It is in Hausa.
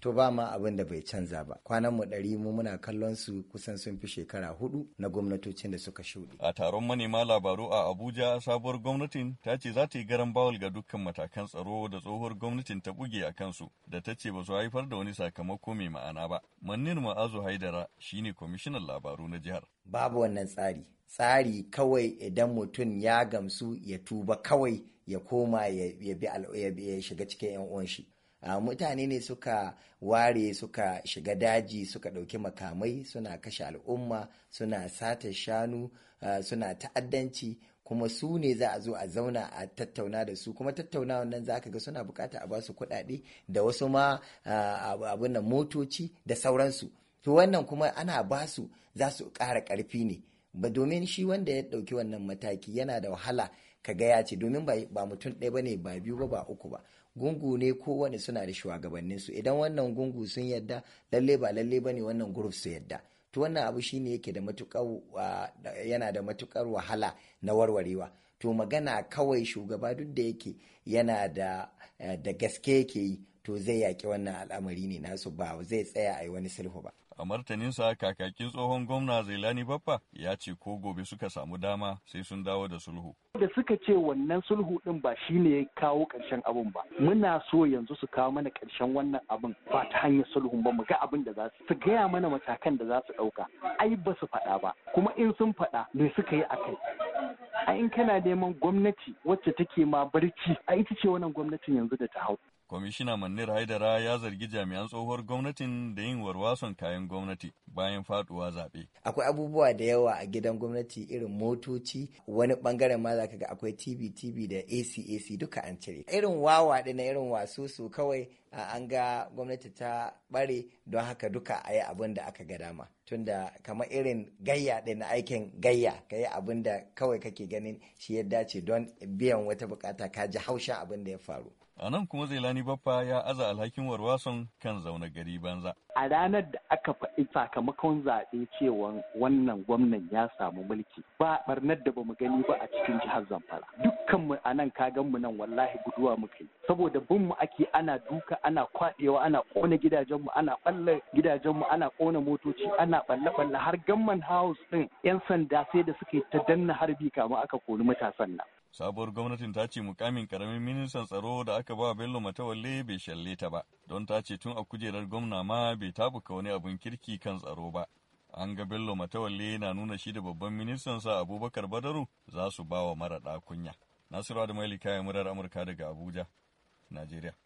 to ba ma abin da bai canza ba kwanan mu ɗari mu muna kallon su kusan sun fi shekara hudu na gwamnatocin da suka shuɗe. a taron manema labaru a abuja sabuwar gwamnatin ta ce za ta yi garan bawal ga dukkan matakan tsaro da tsohuwar gwamnatin ta buge a kansu da ta ce ba su haifar da wani sakamako mai ma'ana ba mannin ma'azu haidara shine kwamishinan labaru na jihar babu wannan tsari tsari kawai idan mutum ya gamsu ya tuba kawai ya koma ya shiga cikin 'yan uwan shi Ah, mutane ne suka ware suka shiga daji suka ɗauki makamai suna kashe al'umma suna sata shanu ah, suna ta'addanci kuma su ne za a zo a zauna a tattauna da su kuma tattaunawa nan za ka ga suna bukata a basu kuɗaɗe da wasu ma ah, abin nan motoci da sauransu to wannan kuma ana basu za su ƙara ƙarfi ne ba domin shi wanda ya ɗauki wannan mataki yana da wahala ka ga ce domin ba mutum ɗaya ba ne ba biyu ba ba uku ba gungu ne kowane suna da shugabannin su idan wannan gungu sun yadda lalle ba lalle ba ne wannan group su yadda to wannan abu shine yake yana da matukar wahala na warwarewa to magana kawai shugaba duk da yake yana da eh, da gaske yake yi to zai yaƙi wannan al'amari ne nasu ba zai tsaya a yi wani sulhu ba A martaninsa kakakin tsohon gwamna Zailani Baffa ya ce ko gobe suka samu dama sai sun dawo da sulhu. Da suka ce wannan sulhu din ba shine ya kawo ƙarshen abin ba. Muna so yanzu su kawo mana karshen wannan abin ba ta hanyar sulhu ba mu ga abin da za su su gaya mana matakan da za su ɗauka. Ai ba su faɗa ba kuma in sun faɗa me suka yi akai kai. A in kana neman gwamnati wacce take ma barci a ita ce wannan gwamnatin yanzu da ta hau. Kwamishina manira Haidara ya zargi jami'an tsohuwar gwamnatin da yin warwason kayan gwamnati bayan faduwa zaɓe. Akwai abubuwa da yawa a gidan gwamnati irin motoci wani bangaren ma ka ga akwai TV TV da AC AC duka an cire. Irin wawa na irin wasu su kawai an ga gwamnati ta bare don haka duka a yi abin da aka ga dama. Tunda kamar irin gayya aikin gayya ka yi abin da kawai kake ganin shi ya dace don biyan wata bukata ka ji haushin abin da ya faru. A nan kuma Zailani Baffa ya aza alhakin warwason kan zauna gari banza. A ranar da aka faɗi sakamakon zaɓe cewa wannan gwamnan ya samu mulki ba ɓarnar da bamu gani ba a cikin jihar Zamfara. Dukkan mu a nan kagan mu nan wallahi guduwa muke. Saboda bin mu ake ana duka ana kwaɗewa ana ƙona gidajen mu ana ɓalle gidajen mu ana ƙona motoci ana ɓalle ɓalle har gamman house ɗin 'yan sanda sai da suke ta danna harbi kama aka kori matasan nan. Sabuwar gwamnatin ta ce mukamin karamin ministan tsaro da aka ba Bello Matawalle bai shalle ta ba, don ta ce tun a kujerar gwamna ma bai tabuka wani abin kirki kan tsaro ba. An ga Bello Matawalle na nuna shi da babban ministan sa Abubakar Badaru za su ba wa mara kunya. Nasiru Adamu Elika ya murar Amurka daga Abuja, Najeriya.